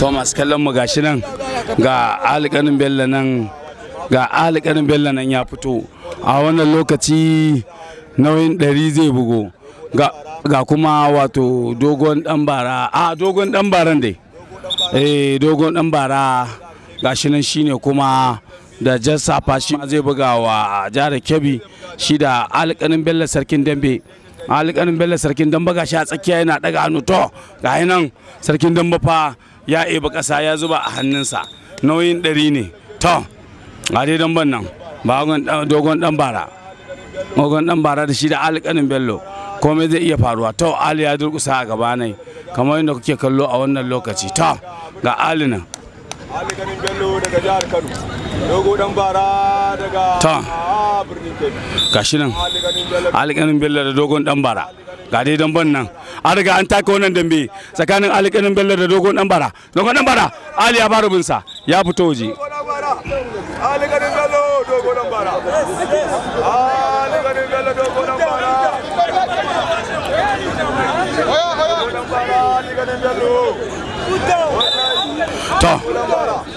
to masu kallon mu gashi nan ga alƙanin bello nan ga alƙanin bello nan ya fito a wannan lokaci nauyin ɗari zai bugo ga kuma wato dogon ɗan bara a dogon ɗan baran dai eh dogon ɗan bara shi nan shine kuma da jan safa shi zai buga wa jihar kebbi shi da alƙanin bello sarkin dambe alikarin bello sarkin damba gashi a tsakiya yana daga hannu to ga nan sarkin damba fa ya eba ƙasa ya zuba a hannunsa nauyin ɗari ne to a dai damban nan ba dogon dan bara dogon dan bara da shi da alikarin bello komai zai iya faruwa to ali ya durkusa a gaba nai kamar yadda kuke kallo a wannan lokaci to ga ali nan alikarin bello daga jihar kano dogo dan bara daga ta ah, gashi nan alƙanin bello da dogon dan bara ga dai ban nan an riga an taka wannan dambe tsakanin alƙanin bello da dogon dan bara dogon dan bara ali ya fara binsa ya fito waje alƙanin bello dogon dan bara alƙanin bello dogon dan bara to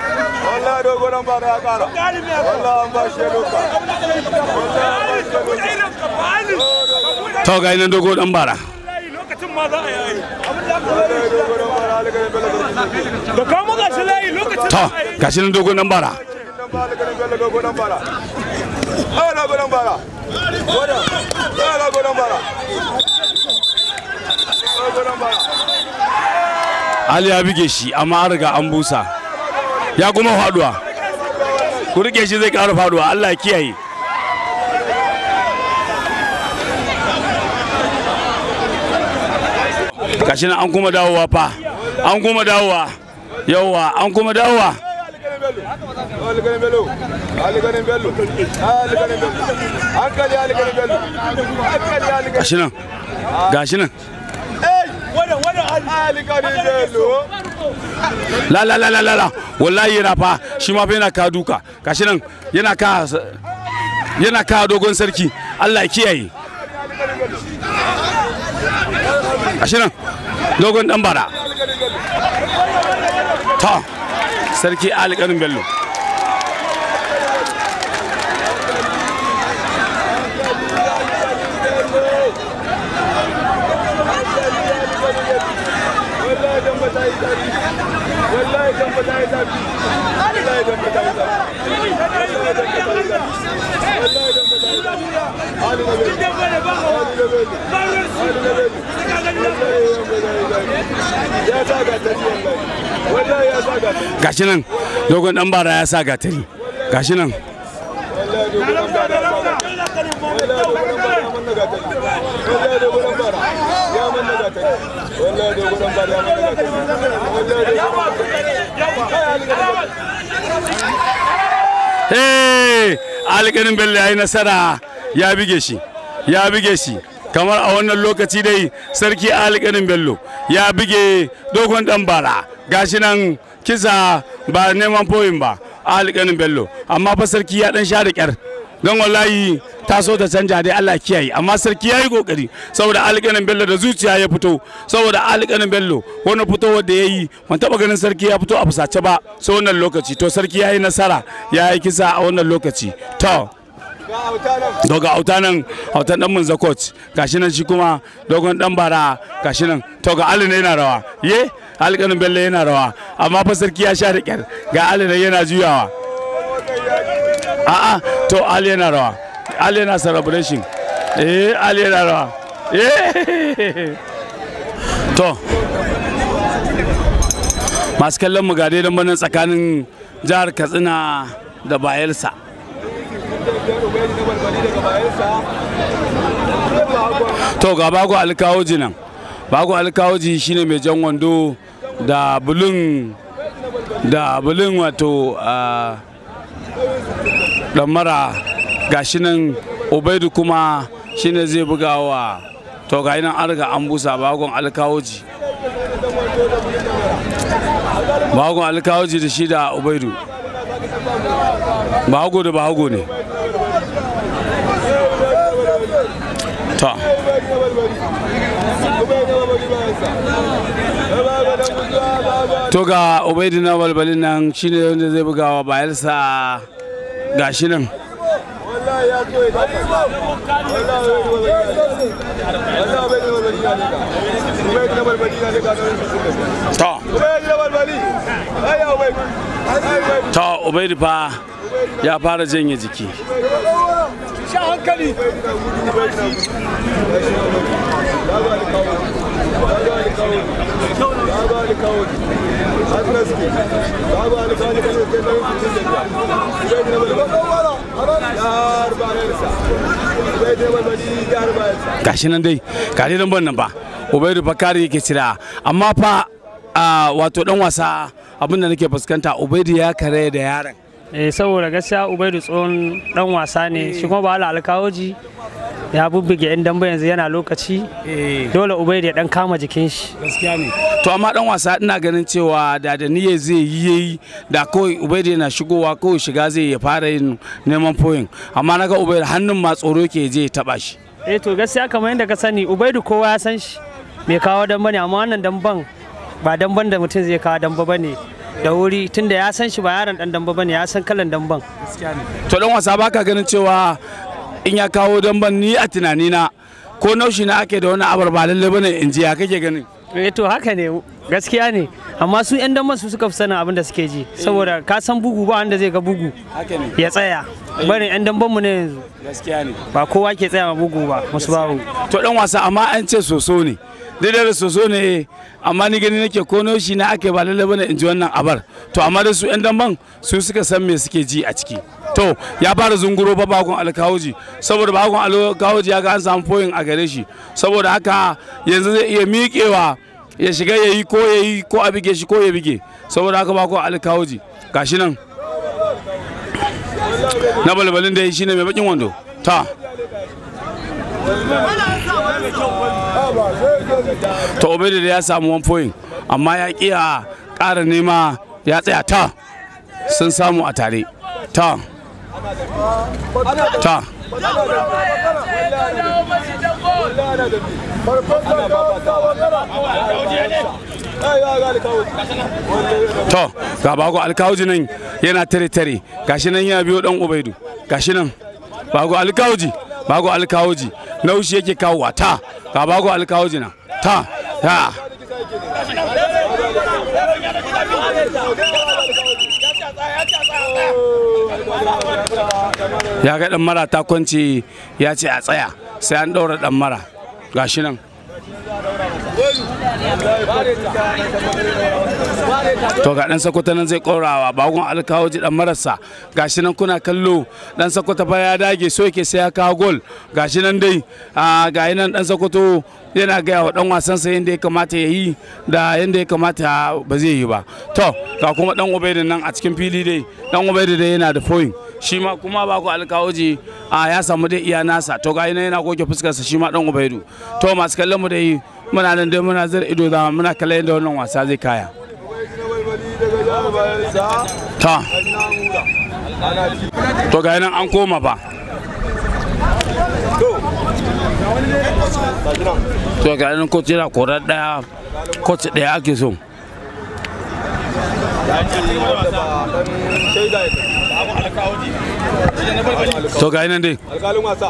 wallahi dogo dan bara lokacin ma nan dogo dan bara Ali ya bige shi amma an riga an busa. ya kuma faduwa ku rike shi zai ƙara faduwa Allah kiyaye kashi nan an kuma dawowa fa an kuma dawowa yauwa an kuma dawowa gashi nan gashi nan la la la la la wallahi yana fa shi ma fa yana ka duka kashi nan yana ka yana ka dogon sarki Allah ya kiyaye kashi nan dogon dan bara ta sarki alƙarin bello ya sa gashi nan dogon dan bara ya sa gatari gashi nan daga Bello ya yi nasara ya bige shi, ya bige shi. kamar a wannan lokaci dai sarki alƙarin bello ya buge dogon dan bara gashi nan kisa ba neman foyin ba alƙarin bello amma fa sarki ya dan sha da ƙyar don wallahi ta so ta canja dai Allah kiyaye amma sarki yayi kokari saboda alƙanin bello da zuciya ya fito saboda alƙanin bello wani fitowar da yayi ban taba ganin sarki ya fito a fusace ba sai wannan lokaci to sarki yayi nasara yayi kisa a wannan lokaci to daga auta nan autan dan mun zakot gashi nan shi kuma dogon dan bara gashi nan to ga alina yana rawa ye alƙanin bello yana rawa amma fa sarki ya sha da ga alina yana juyawa a'a to ali yana rawa ali yana celebration eh ali yana rawa eh. to masu kallon mu gade don banin tsakanin jihar katsina da bayelsa to ga bago alkawoji nan bago alkawoji shine mai jan wando da bulun da bulun wato uh, ɗammara gashi nan obaidu kuma shine zai bugawa to ga nan an riga an busa bagon alkawoji bagon alkawoji da shi da obaidu bago da bago ne ta to ga obaidu na balbalin nan shine wanda zai bugawa wa bayelsa gashi nan ta ta ubaidu fa ya fara janye jiki hankali gashi nan dai kare dai lambar nan ba ubaidu bakari yake cira amma fa wato dan wasa abinda nake fuskanta ubaidu ya kare da yaran eh saboda gaskiya ubaidu tsohon dan wasa ne shi kuma ba ala alkawoji ya bubbuge yan dambe yanzu yana lokaci eh. dole ubai da dan kama jikin shi gaskiya ne to amma dan wasa ina ganin cewa da da niyya zai yi yayi da kawai ubai yana shigowa kawai shiga zai ya fara yin neman foyin amma naga ubai hannun ma tsoro ke je taba shi eh to gaskiya kamar yadda ka sani ubaidu kowa ya san shi mai kawo damba ne amma wannan damban ba damban da mutum zai kawo damba bane da wuri tunda ya san shi ba yaron dan damba bane ya san kalan damban to dan wasa baka ganin cewa in ya kawo ban ni a tunani na ko naushi na ake da wani abar ba lalle bane in ji ya kake ganin eh to haka ne gaskiya ne amma su yan dan su suka fi sanin abin da suke ji eh. saboda ka san bugu ba wanda zai ga bugu ya tsaya eh. barin yan damban mu ne yanzu gaskiya ne ba kowa ke tsaya ma bugu ba musu babu to dan wasa amma an ce soso ne dai da soso ne amma ni gani nake kono shi na ake ba lalle bane in ji wannan abar to amma da su yan damban su suka san me suke ji a ciki to ya fara zunguro ba bakon alkawoji saboda bakon alkawoji ya ga an samu foyin a gare shi saboda haka yanzu zai iya miƙewa ya shiga ya yi ko ya yi ko a bige shi ko ya bige saboda haka bakon alkawoji gashi nan na balbalin da ya shi ne mai bakin wando ta to obedi ya samu one point amma ya kiya ƙara nema ya tsaya ta sun samu a tare ta ta to ga bago alkawuji nan yana tare-tare gashi nan yana biyo dan ubaidu gashi nan bago alkawuji bago alkawuji naushi yake kawowa ta ka bako ku alkawo jina ta ta ya ga dan mara ta kwanci ya ce a tsaya sai an ɗaura dan mara gashi nan to ga dan sakwata nan zai korawa bagon alkawoji dan marasa gashi nan kuna kallo dan sakwata fa ya dage so yake sai ya kawo gol gashi nan dai ga nan dan sakwato yana gaya wa dan wasan sa yadda ya kamata ya yi da yadda ya kamata ba zai yi ba to ga kuma dan ubaidin nan a cikin fili dai dan ubaidin dai yana da foyin shi ma kuma ba ku alkawoji a ya samu dai iya nasa to ga nan yana goge fuskar sa shi ma dan ubaidu to masu kallon mu dai muna nan dai muna zar ido zama muna kalle yadda wannan wasa zai kaya ta to ga nan an koma ba to ga nan coach yana korar daya coach daya ake so to ga nan dai alƙalin wasa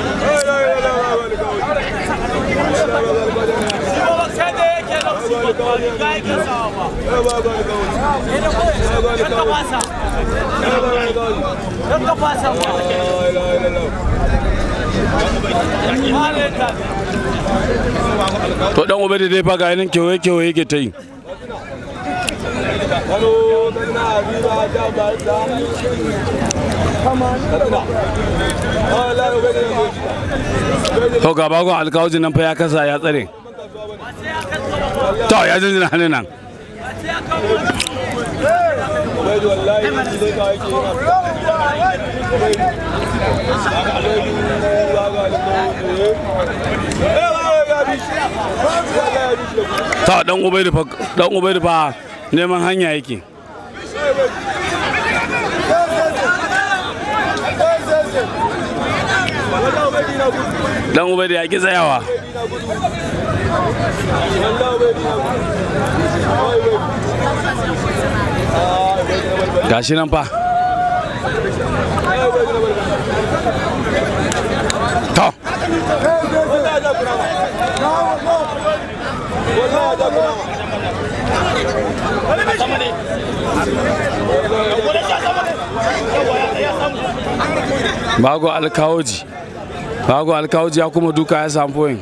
to dan ubai dai fa ga yanin kewaye kewaye ke ta yi to gaba alkawajin nan fa ya kasa ya tsare to ya jinjina hannun nan alhaji wallahi yanzu ta dan ubai da dan ubai fa neman hanya yake dan ubai da yaki tsayawa gashi nan fa to bago alkawoji bago alkawoji ya kuma duka ya samu point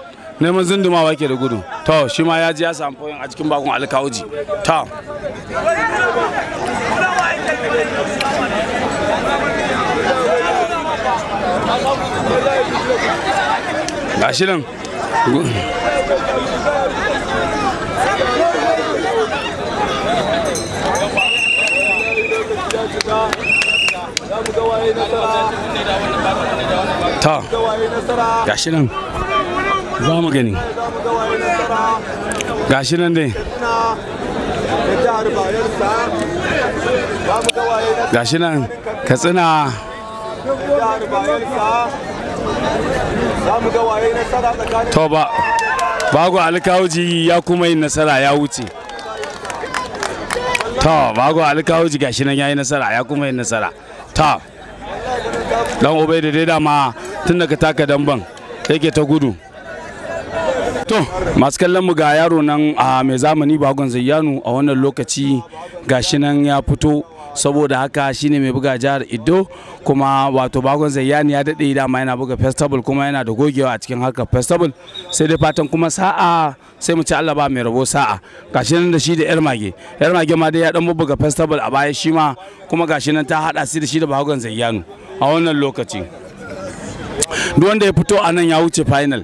neman zindumawa ke da gudu to shi ma ya ji ya samu foyin a cikin bakon alkawuji ta gashi nan ta gashi nan za mu gani gashi nan dai gashi nan katsina to ba bago alkawuji ya kuma yi nasara ya wuce to bago alkawuji gashi nan ya yi nasara ya kuma yi nasara to dan obe da dai dama tun daga taka damban yake ta gudu to masu kallon mu ga yaro nan a mai zamani bagon zayyanu a wannan lokaci gashi nan ya fito saboda haka shine mai buga jihar Ido kuma wato bagon zayyanu ya daɗe dama yana buga festival kuma yana da gogewa a cikin haka festival sai dai fatan kuma sa'a sai mu ci Allah ba mai rabo sa'a gashi nan da shi da yar mage yar mage ma dai ya dan buga festival a baya shi ma kuma gashi nan ta haɗa shi da shi da bagon zayyanu a wannan lokaci duk wanda ya fito a nan ya wuce final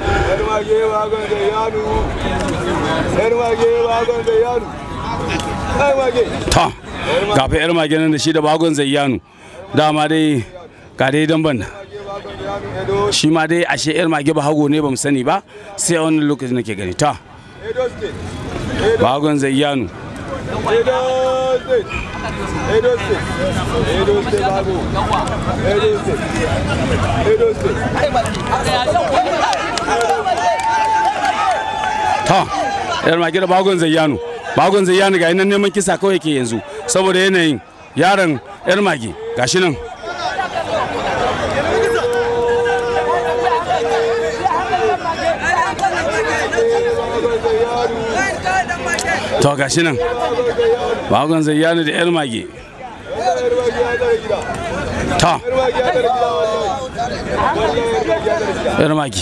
NYK wagon da yanu NYK wagon da yanu NYK gafe yar mage nan da shi da bagon zayyanu dama dai ga dai dan ban shi ma dai ashe yar mage ba hago ne ba sani ba sai a wannan lokacin nake gani ta bagon zai Edo State, Edo State, Edo State, Edo State, Edo State. ha yar magira bagon zayyano bagon zayyano ga nan neman kisa kawai ke yanzu saboda yanayin yaron yar magi gashi nan to gashi nan bagon zayyano da yar magi ta yarmaki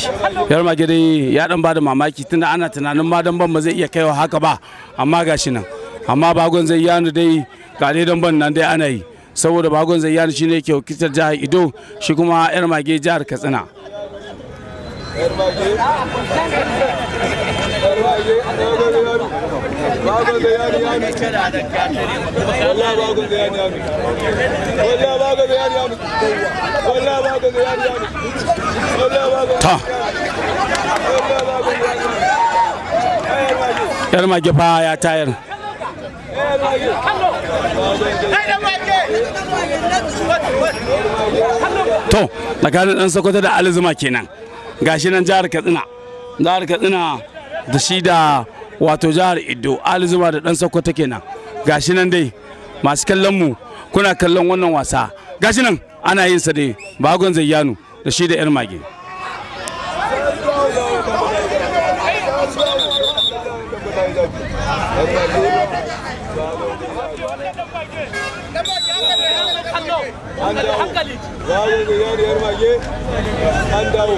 yarmaki dai ya dan bada mamaki tunda ana tunanin ma dan ban ba zai iya kaiwa haka ba amma gashi nan amma bagon zai yana dai ga dai dan ban nan dai ana yi saboda bagon zai yana shine yake wakiltar jihar Ido shi kuma yarmaki jihar Katsina yar mage fa ya tayar to tsakanin dan sokoto da alizuma kenan gashi nan jihar katsina jihar katsina da shi da wato jihar Ido Alizuma da dan Sokoto kenan gashi nan dai masu kallon mu kuna kallon wannan wasa gashi nan ana yin sa dai bagon zayyanu da shi da yar mage an dawo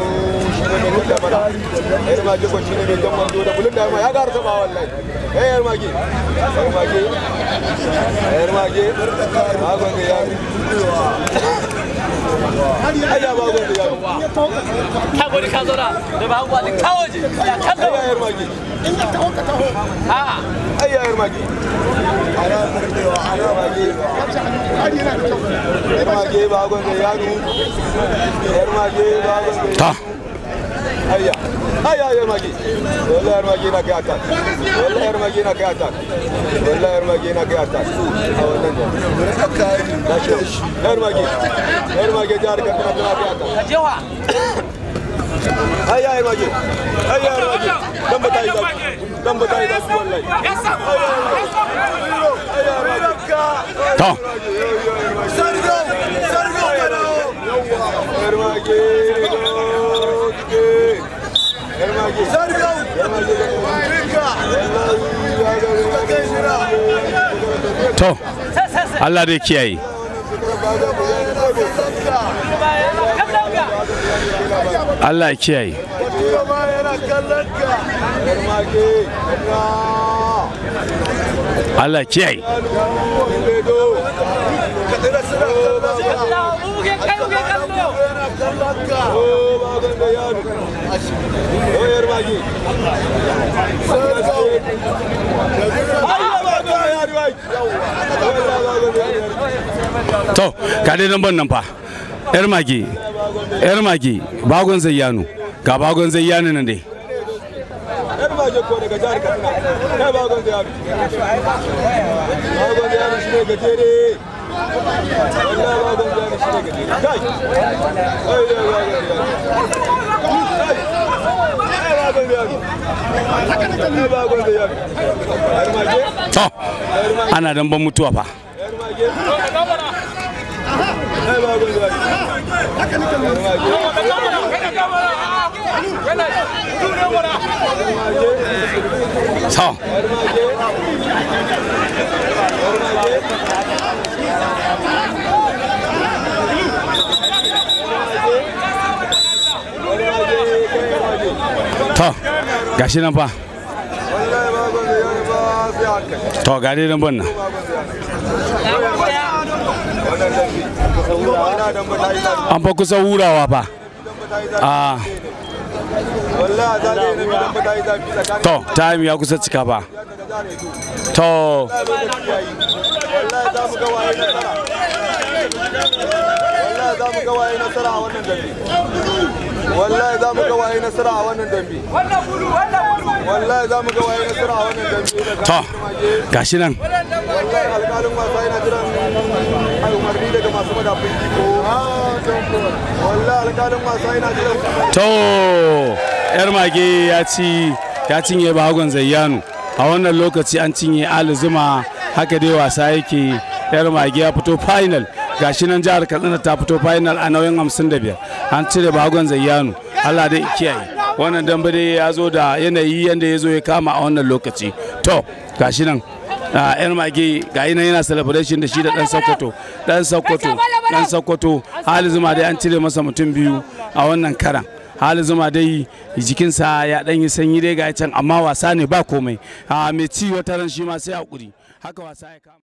da yar kwanci ne mai jan mando da bulun da ya gara wallahi eh yar yar yar magon da ka gori ka da ba yar in ka taho ka taho a a yar yar da yar هيا هيا يا مجيد ولا يرمجينك يا تاك ولا يرمجينك يا تاك ولا يرمجينك يا تاك يرمجي يرمجي جارك من الدماغ يا تاك هيا يرمجي هيا يرمجي دم بتاعي دم دم بتاعي دم والله هيا يرمجي تو سرقوا سرقوا كانوا يرمجي to Allah dai kiyaye Allah ya kiyaye Allah kiyaye to ka dai nan ban nan fa yar magi yar magi bagon zayyanu ga bagon zayyanu nan dai yar magi ko daga jihar kaduna ga bagon zayyanu bagon zayyanu shi ne gajere wallahi bagon zayyanu shi ne gajere kai to ana damban mutuwa fa So. to gashi nan fa to ga dai nan an fa kusa hurawa fa Ah. to time ya kusa cika fa. to nasara a wannan wallahi za mu ga waye nasara a wannan dambe wallahi za mu ga waye nasara a wannan dambe to gashi nan wallahi alƙalin wasa yana jiran umarni daga masu madafin iko wallahi alƙalin wasa yana jiran to yar mage ya ci ya cinye bagon zayyanu a wannan lokaci an cinye alizuma haka dai wasa yake yar mage ya fito final gashi nan jihar katsina ta fito final a nauyin 55 an cire bagon zayyanu allah dai kiyaye wannan dambe dai ya zo da yanayi yadda ya zo ya kama a wannan lokaci to gashi nan yan mage ga nan yana celebration da shi da dan sokoto dan sokoto dan sokoto hali zuma dai an cire masa mutum biyu a wannan karan hali zuma dai jikinsa ya dan yi sanyi dai ga can amma wasa ne ba komai a mai ci wata ran shi ma sai hakuri haka wasa ya kama